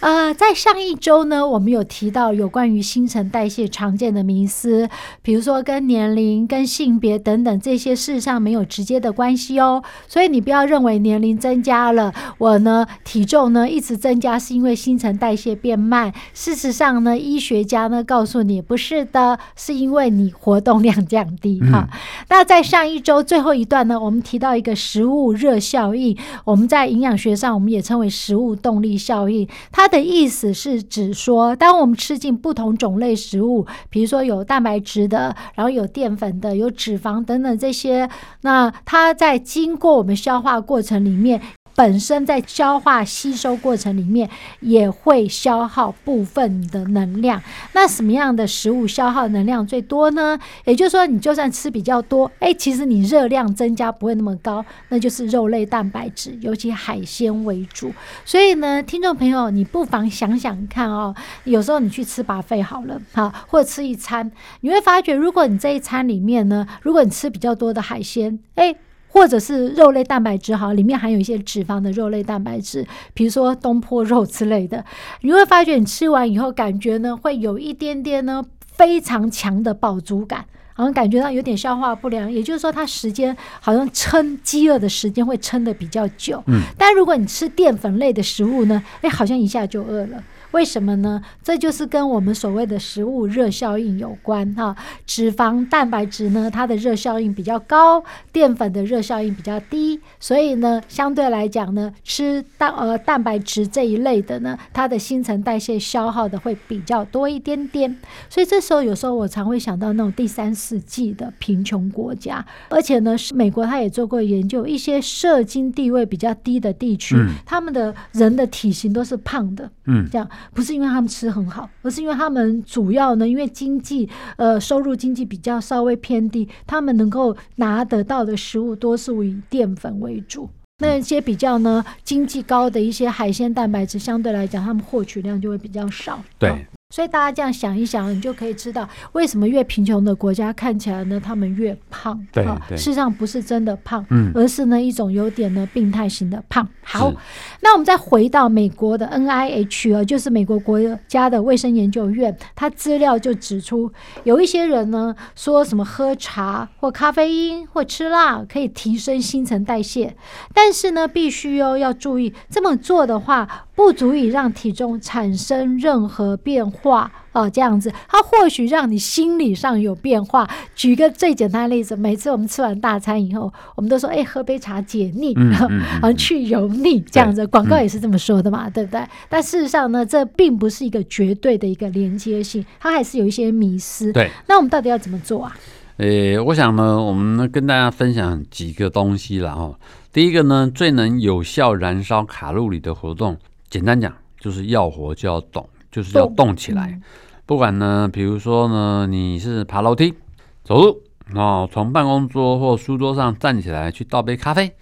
呃，在上一周呢，我們有提到有關於新陳代謝常見的迷思，比如說跟年齡、跟性別等等這些事實上沒有直接的關係哦。所以你不要認為年齡增加了，我呢體重呢一直增加是因為新陳代謝變慢。事實上呢，醫學家呢告訴你不是的，是因為你活動量降低哈、嗯啊。那在上一周最後一段呢，我們提到一個食物熱效應，我們在營養學上我們也稱為食物動力效應，它。它的意思是指說，當我們吃進不同種類食物，比如說有蛋白質的，然後有澱粉的，有脂肪等等這些，那它在經過我們消化過程裡面。本身在消化吸收過程裡面也會消耗部分的能量。那什麼樣的食物消耗能量最多呢？也就是說，你就算吃比較多，誒、欸，其實你熱量增加不會那麼高，那就是肉類蛋白質，尤其海鮮為主。所以呢，聽眾朋友，你不妨想想看哦、喔，有時候你去吃 buffet 好了，哈，或者吃一餐，你會發覺，如果你這一餐裡面呢，如果你吃比較多的海鮮，誒、欸……或者是肉類蛋白質好，裡面含有一些脂肪的肉類蛋白質，比如說東坡肉之類的，你會發覺你吃完以後感覺呢，會有一點點呢非常強的飽足感，好像感覺到有點消化不良。也就是說，它時間好像撐飢餓的時間會撐得比較久。嗯。但如果你吃澱粉類的食物呢，哎、欸，好像一下就餓了。為什麼呢？這就是跟我們所謂的食物熱效應有關哈、啊。脂肪、蛋白質呢，它的熱效應比較高，澱粉的熱效應比較低，所以呢，相對來講呢，吃蛋呃蛋白質這一類的呢，它的新陳代謝消耗的會比較多一點點。所以這時候有時候我常會想到那種第三世界的貧窮國家，而且呢，是美國他也做過研究，一些社經地位比較低的地區，嗯、他們的人的體型都是胖的，嗯，這樣。不是因為他們吃很好，而是因為他們主要呢，因為經濟呃收入經濟比較稍微偏低，他們能夠拿得到的食物多數以澱粉為主。那一些比較呢經濟高的一些海鮮蛋白質，相對來講他們獲取量就會比較少。對。所以大家這樣想一想，你就可以知道為什麼越貧窮的國家看起來呢，他們越胖。啊、對，對，事實上不是真的胖，嗯、而是呢一種有點呢病態型的胖。好，是那我們再回到美國的 NIH，就是美國國家的衛生研究院，它資料就指出，有一些人呢說什麼喝茶或咖啡因或吃辣可以提升新陳代謝，但是呢必須哦要注意，這麼做的話，不足以讓體重產生任何變化哦、呃，這樣子，它或許讓你心理上有變化。舉個最簡單的例子，每次我們吃完大餐以後，我們都說：“哎，喝杯茶解膩，嗯嗯，去油膩。”這樣子，嗯嗯、廣告也是這麼說的嘛，對，對不對？但事實上呢，這並不是一個絕對的一個連接性，它還是有一些迷思。對，那我們到底要怎麼做啊？呃，我想呢，我們跟大家分享幾個東西。然後第一個呢，最能有效燃燒卡路里的活動。簡單講，就是要活就要動，就是要動起來。起來。不管呢，比如說呢，你是爬樓梯、走路哦，從辦公桌或書桌上站起來去倒杯咖啡，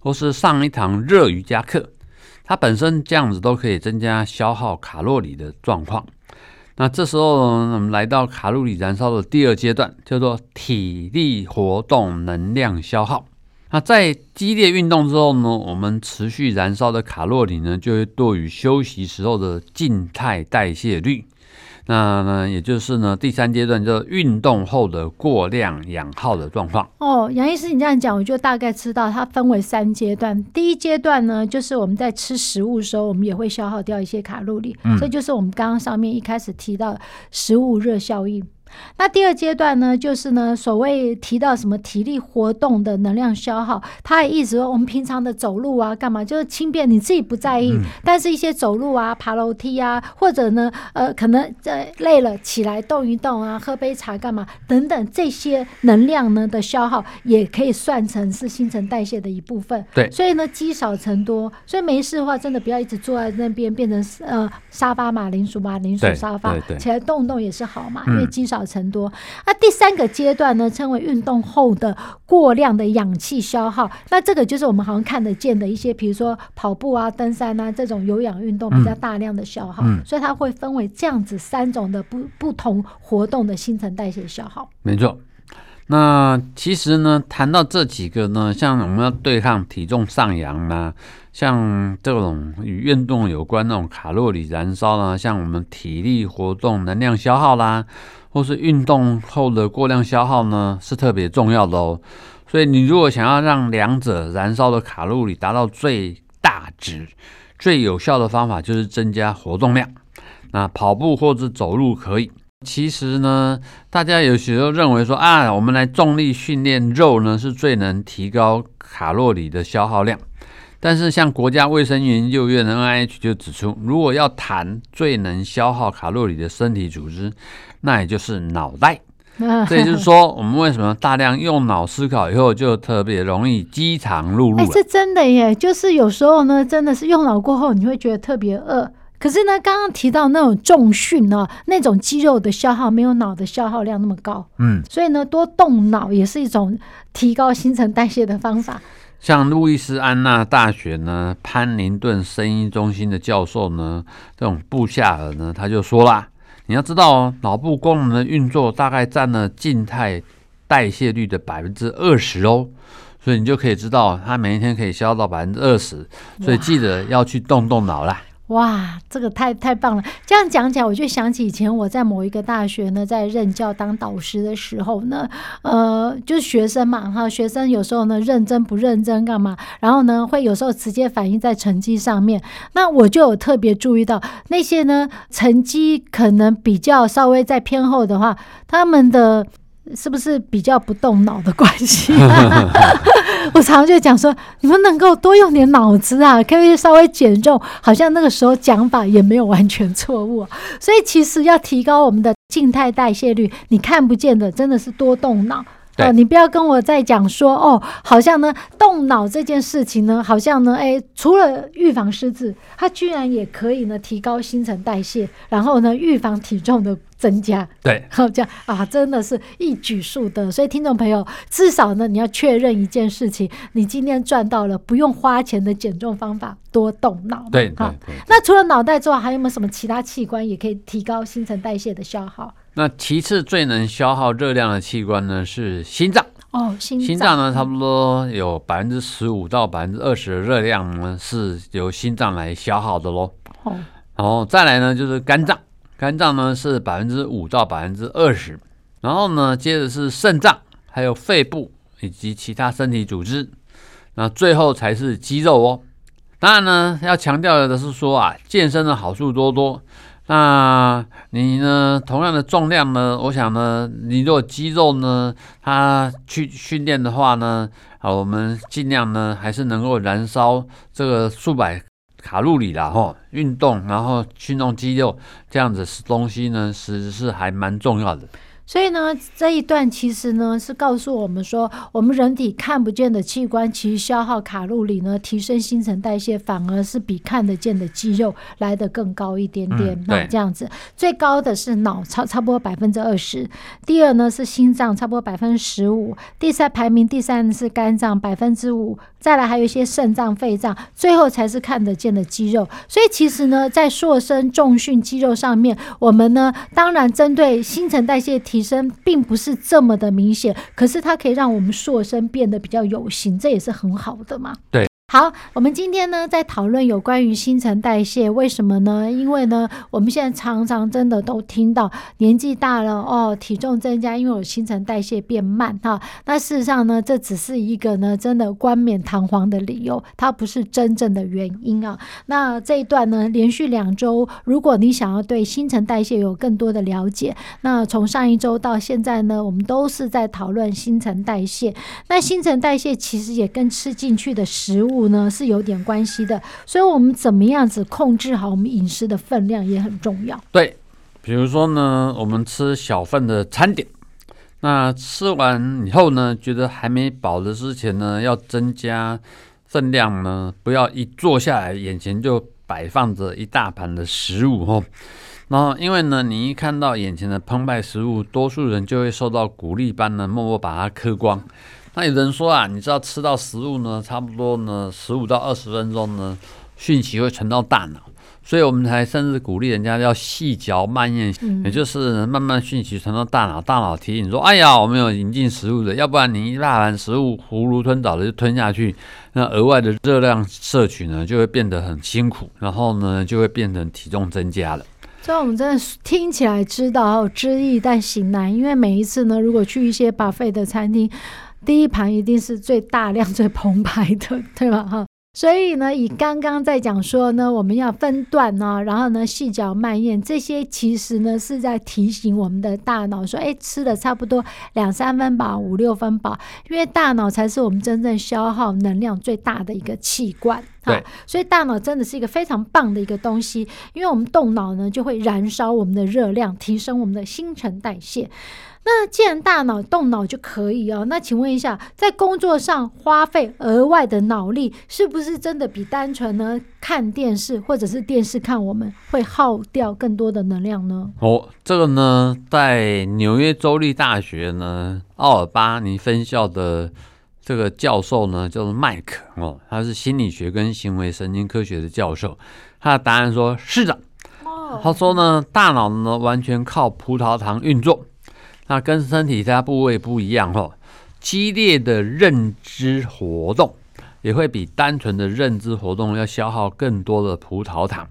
或是上一堂熱瑜伽課，它本身這樣子都可以增加消耗卡路里的狀況。那這時候呢，我們來到卡路里燃燒的第二階段，叫做體力活動能量消耗。那在激烈運動之後呢，我們持續燃燒的卡路里呢，就會多於休息時候的靜態代謝率。那呢，也就是呢，第三階段就是運動後的過量氧耗的狀況。哦，楊醫師，你這樣講，我就大概知道它分為三階段。第一階段呢，就是我們在吃食物的時候，我們也會消耗掉一些卡路里，這、嗯、就是我們剛剛上面一開始提到的食物熱效應。那第二階段呢，就是呢，所謂提到什麼體力活動的能量消耗，它也意思說我們平常的走路啊，幹嘛就是輕便，你自己不在意，嗯、但是一些走路啊、爬樓梯啊，或者呢，呃，可能在累了起來動一動啊，喝杯茶幹嘛等等，這些能量呢的消耗也可以算成是新陳代謝的一部分。對，所以呢，積少成多，所以沒事的話，真的不要一直坐在那邊變成呃沙發馬鈴薯馬鈴薯沙發，對對對，起來動動也是好嘛，嗯、因為積少。成多，那第三個階段呢，稱為運動後的過量的氧氣消耗，那這個就是我們好像看得見的一些，比如說跑步啊、登山啊這種有氧運動比較大量的消耗，嗯嗯、所以它會分為這樣子三種的不不同活動的新陳代謝消耗。沒錯。那其實呢，談到這幾個呢，像我們要對抗體重上揚啦、啊，像這種與運動有關那種卡路里燃燒啦、啊，像我們體力活動能量消耗啦、啊。或是運動後的過量消耗呢，是特別重要的哦。所以你如果想要讓兩者燃燒的卡路里達到最大值，最有效的方法就是增加活動量。那跑步或者走路可以。其實呢，大家有時候認為說啊，我們來重力訓練肉呢，是最能提高卡路里的消耗量。但是，像國家衛生研究院的 NIH 就指出，如果要談最能消耗卡路里的身體組織，那也就是腦袋。 所以就是說，我們為什麼大量用腦思考以後，就特別容易飢腸轆轆？哎、欸，這真的耶！就是有時候呢，真的是用腦過後，你會覺得特別餓。可是呢，剛剛提到那種重訓呢、喔，那種肌肉的消耗沒有腦的消耗量那麼高。嗯，所以呢，多動腦也是一種提高新陳代謝的方法。像路易斯安那大學呢，潘寧頓聲音中心的教授呢，這種布夏爾呢，他就說啦，你要知道哦，腦部功能的運作大概佔了靜態代謝率的百分之二十哦，所以你就可以知道，它每一天可以消耗到百分之二十，所以記得要去動動腦啦。哇，這個太太棒了！這樣講起來，我就想起以前我在某一個大學呢，在任教當導師的時候呢，呃，就是學生嘛，哈，學生有時候呢認真不認真幹嘛，然後呢會有時候直接反映在成績上面。那我就有特別注意到那些呢成績可能比較稍微再偏後的話，他們的是不是比較不動腦的關係？ 我常常就講說，你們能夠多用點腦子啊，可以稍微減重。好像那個時候講法也沒有完全錯誤，所以其實要提高我們的靜態代謝率，你看不見的，真的是多動腦。哦、呃，你不要跟我再講說哦，好像呢，動腦這件事情呢，好像呢，哎，除了預防失智，它居然也可以呢，提高新陳代謝，然後呢，預防體重的增加。對，然後這樣啊，真的是一舉數得。所以聽眾朋友，至少呢，你要確認一件事情：你今天賺到了不用花錢的減重方法，多動腦。對好，對、啊。那除了腦袋之外，還有沒有什麼其他器官也可以提高新陳代謝的消耗？那其次最能消耗熱量的器官呢是心臟哦，oh, 心臟呢差不多有百分之十五到百分之二十的熱量呢是由心臟來消耗的咯。哦，oh. 然後再來呢就是肝臟，肝臟呢是百分之五到百分之二十，然後呢接着是腎臟，還有肺部以及其他身體組織，那最後才是肌肉哦。當然呢要強調的是說啊，健身的好處多多。那、啊、你呢？同樣的重量呢？我想呢，你如果肌肉呢，它去訓練的話呢，啊，我們盡量呢，還是能夠燃燒這個數百卡路里的哈。運動，然後去弄肌肉，這樣子東西呢，其實是還蠻重要的。所以呢，這一段其實呢是告訴我們說，我們人體看不見的器官其實消耗卡路里呢，提升新陳代謝，反而是比看得見的肌肉來得更高一點點。嗯、那這樣子，最高的是腦，差差不多百分之二十；第二呢是心臟，差不多百分之十五；第三排名第三呢是肝臟，百分之五；再來還有一些腎臟、肺臟，最後才是看得見的肌肉。所以其實呢，在塑身重訓肌肉上面，我們呢當然針對新陳代謝提。生並不是這麼的明顯，可是它可以讓我們塑身變得比較有型，這也是很好的嘛。對。好，我們今天呢在討論有關於新陳代謝，為什麼呢？因為呢，我們現在常常真的都聽到年紀大了哦，體重增加，因為我新陳代謝變慢啊。那事實上呢，這只是一個呢真的冠冕堂皇的理由，它不是真正的原因啊。那這一段呢，連續兩周，如果你想要對新陳代謝有更多的了解，那從上一周到現在呢，我們都是在討論新陳代謝。那新陳代謝其實也跟吃進去的食物。呢是有點關係的，所以我們怎麼樣子控制好我們飲食的分量也很重要。對，比如說呢，我們吃小份的餐點，那吃完以後呢，覺得還沒飽的之前呢，要增加分量呢，不要一坐下來眼前就擺放着一大盤的食物哦。然後因爲呢，你一看到眼前的澎湃食物，多數人就會受到鼓勵般的默默把它嗑光。那有人說啊，你知道吃到食物呢，差不多呢十五到二十分鐘呢，訊息會傳到大腦，所以我們才甚至鼓勵人家要細嚼慢咽，嗯、也就是慢慢訊息傳到大腦，大腦提醒說：“哎呀，我們有引進食物的，要不然你一大碗食物囫圇吞棗的就吞下去，那額外的熱量攝取呢就會變得很辛苦，然後呢就會變成體重增加了。嗯”所以我們真的聽起來知道還有知易但行難，因為每一次呢，如果去一些 buffet 的餐廳。第一盤一定是最大量、最澎湃的，對吧？哈，所以呢，以剛剛在講說呢，我們要分段呢、哦，然後呢，細嚼慢嚥，這些其實呢，是在提醒我們的大腦說，哎，吃了差不多兩三分飽、五六分飽，因為大腦才是我們真正消耗能量最大的一個器官。對，所以大腦真的是一個非常棒的一個東西，因為我們動腦呢，就會燃燒我們的熱量，提升我們的新陳代謝。那既然大腦動腦就可以哦，那請問一下，在工作上花費額外的腦力，是不是真的比單純呢看電視或者是電視看，我們會耗掉更多的能量呢？哦，這個呢，在紐約州立大學呢，奧爾巴尼分校的，這個教授呢，叫做麥克哦，他是心理學跟行為神經科學的教授。他的答案說是的，他說呢，大腦呢完全靠葡萄糖運作，那跟身體其他部位不一樣哦，激烈的認知活動也會比單純的認知活動要消耗更多的葡萄糖。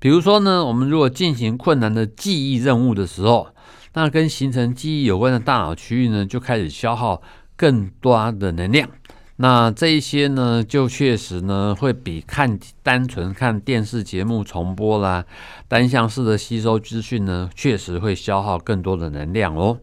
比如說呢，我們如果進行困難的記憶任務的時候，那跟形成記憶有關的大腦區域呢，就開始消耗。更多的能量，那這一些呢，就確實呢，會比看單純看電視節目重播啦，單向式的吸收資訊呢，確實會消耗更多的能量哦。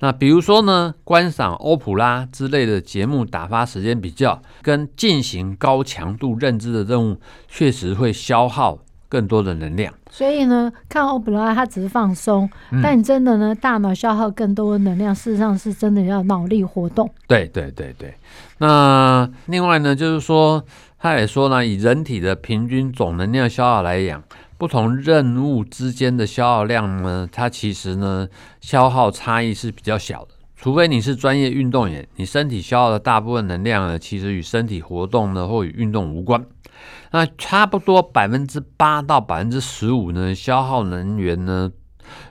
那比如說呢，觀賞歐普拉之類的節目打發時間，比較跟進行高強度認知的任務，確實會消耗。更多的能量，所以呢，看歐普拉它只是放鬆，嗯、但你真的呢，大腦消耗更多的能量，事實上是真的要腦力活動。對對對對，那另外呢，就是說，他也說呢，以人體的平均總能量消耗來講，不同任務之間的消耗量呢，它其實呢，消耗差異是比較小的，除非你是專業運動員，你身體消耗的大部分能量呢，其實與身體活動呢，或與運動無關。那差不多百分之八到百分之十五呢，消耗能源呢，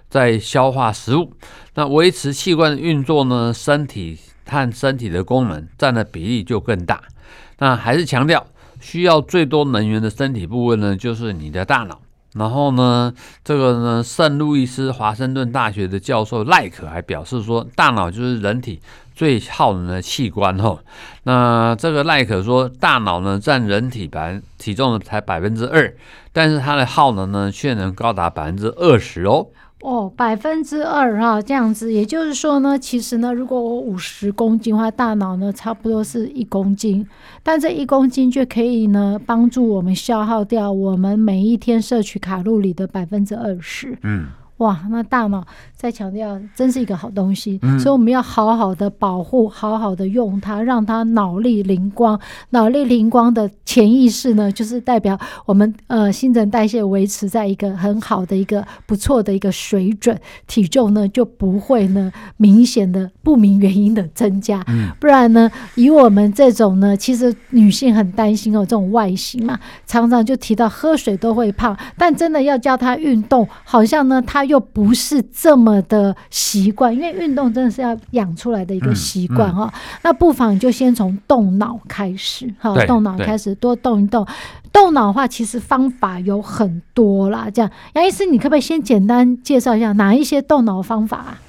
在消化食物；那維持器官運作呢，身體和身體的功能佔的比例就更大。那還是強調，需要最多能源的身體部分呢，就是你的大腦。然後呢，這個呢，聖路易斯華盛頓大學的教授賴可還表示說，大腦就是人體。最耗能的器官哈，那這個奈、like、可說，大腦呢占人體百體重才百分之二，但是它的耗能呢卻能高達百分之二十哦。哦，百分之二啊。這樣子，也就是說呢，其實呢，如果我五十公斤的話，大腦呢差不多是一公斤，但這一公斤卻可以呢幫助我們消耗掉我們每一天攝取卡路里的百分之二十。嗯。哇，那大腦在強調，真是一個好東西，嗯、所以我們要好好的保護，好好的用它，讓它腦力靈光。腦力靈光的潛意識呢，就是代表我們呃新陳代謝維持在一個很好的一個不錯的一個水準，體重呢就不會呢明顯的不明原因的增加。嗯、不然呢，以我們這種呢，其實女性很擔心哦，這種外形嘛，常常就提到喝水都會胖，但真的要叫她運動，好像呢她。又不是這麼的習慣，因為運動真的是要養出來的一個習慣哈。嗯嗯、那不妨就先從動腦開始好，對動腦開始多動一動。對動腦的話，其實方法有很多啦。這樣，楊醫師，你可不可以先簡單介紹一下哪一些動腦方法啊？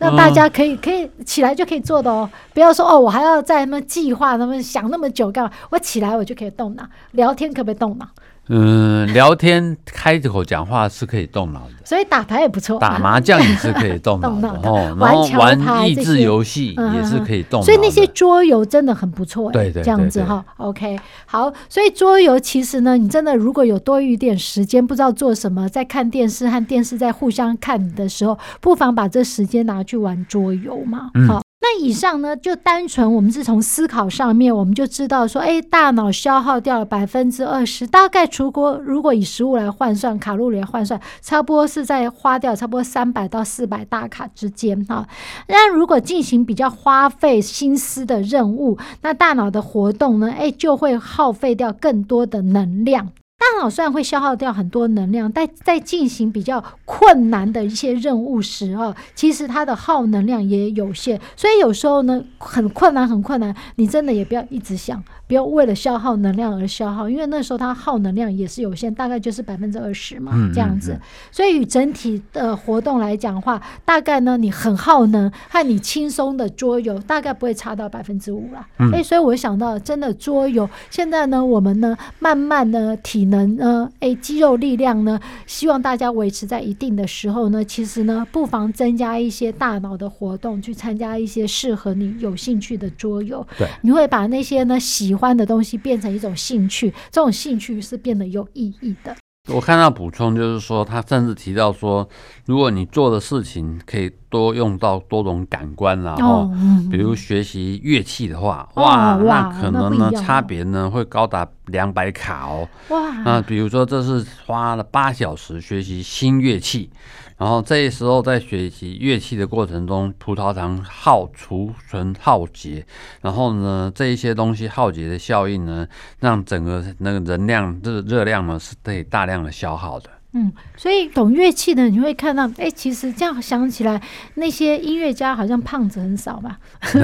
嗯、那大家可以可以起來就可以做的哦、喔，不要說哦，我還要在那計劃，那麼想那麼久幹嘛？我起來我就可以動腦，聊天可不可以動腦？嗯，聊天開口講話是可以動腦的， 所以打牌也不錯，打麻將也是可以動腦的， 動腦的哦。然後玩益智遊戲也是可以動腦的、 嗯，所以那些桌遊真的很不錯、欸。 對，對，對對，這樣子哈，OK，好。所以桌遊其實呢，你真的如果有多餘一點時間，不知道做什麼，在看電視和電視在互相看的時候，不妨把這時間拿去玩桌遊嘛。好。嗯那以上呢，就單純我們是從思考上面，我們就知道說，誒大腦消耗掉了百分之二十，大概除過如果以食物來換算，卡路里來換算，差不多是在花掉差不多三百到四百大卡之間哈。那如果進行比較花費心思的任務，那大腦的活動呢，誒就會耗費掉更多的能量。大腦雖然會消耗掉很多能量，但在進行比較困難的一些任務時，哦，其實它的耗能量也有限，所以有時候呢，很困難，很困難，你真的也不要一直想，不要為了消耗能量而消耗，因為那時候它耗能量也是有限，大概就是百分之二十嘛，這樣子。所以與整體的活動來講的話，大概呢，你很耗能，和你輕鬆的桌遊，大概不會差到百分之五了。哎、欸，所以我想到，真的桌遊，現在呢，我們呢，慢慢呢，體。能呢，哎、嗯，肌肉力量呢？希望大家維持在一定的時候呢。其實呢，不妨增加一些大腦的活動，去參加一些適合你有興趣的桌遊。對，你會把那些呢喜歡的東西變成一種興趣，這種興趣是變得有意義的。我看到補充，就是說他甚至提到說，如果你做的事情可以多用到多種感官，然後比如學習樂器的話，哇，那可能呢差別呢會高達兩百卡哦、喔，那比如說這是花了八小時學習新樂器。然後，這時候在學習樂器的過程中，葡萄糖耗儲存耗竭，然後呢，這一些東西耗竭的效應呢，讓整個那個能量熱熱量呢，是可以大量的消耗的。嗯，所以懂樂器的你會看到，哎、欸，其實這樣想起來，那些音樂家好像胖子很少吧？對，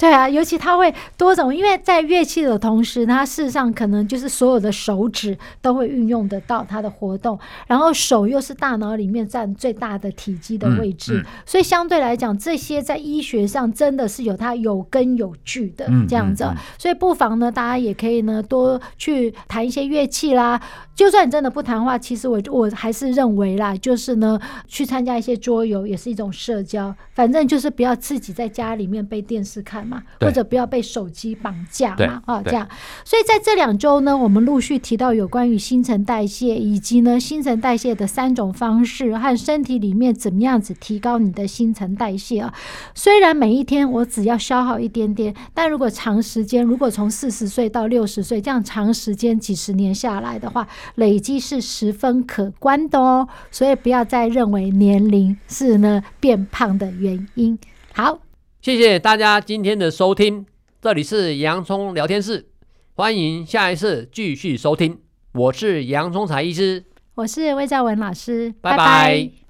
對啊，尤其他會多種，因為在樂器的同時，他事實上可能就是所有的手指都會運用得到他的活動，然後手又是大腦裡面占最大的體積的位置，嗯嗯、所以相對來講，這些在醫學上真的是有它有根有據的、嗯、這樣子。嗯嗯、所以不妨呢，大家也可以呢多去彈一些樂器啦，就算你真的不談的話。其實我我還是認為啦，就是呢，去參加一些桌遊也是一種社交，反正就是不要自己在家裡面被電視看嘛，對或者不要被手機綁架嘛，對啊，這樣。所以在這兩周呢，我們陸續提到有關於新陳代謝，以及呢新陳代謝的三種方式和身體裡面怎麼樣子提高你的新陳代謝啊。雖然每一天我只要消耗一點點，但如果長時間，如果從四十歲到六十歲這樣長時間幾十年下來的話，累積是十。分可觀的哦，所以不要再認為年齡是呢變胖的原因。好，謝謝大家今天的收聽，這裡是洋蔥聊天室，歡迎下一次繼續收聽，我是楊聰財醫師，我是魏兆玟老師，拜拜。拜拜。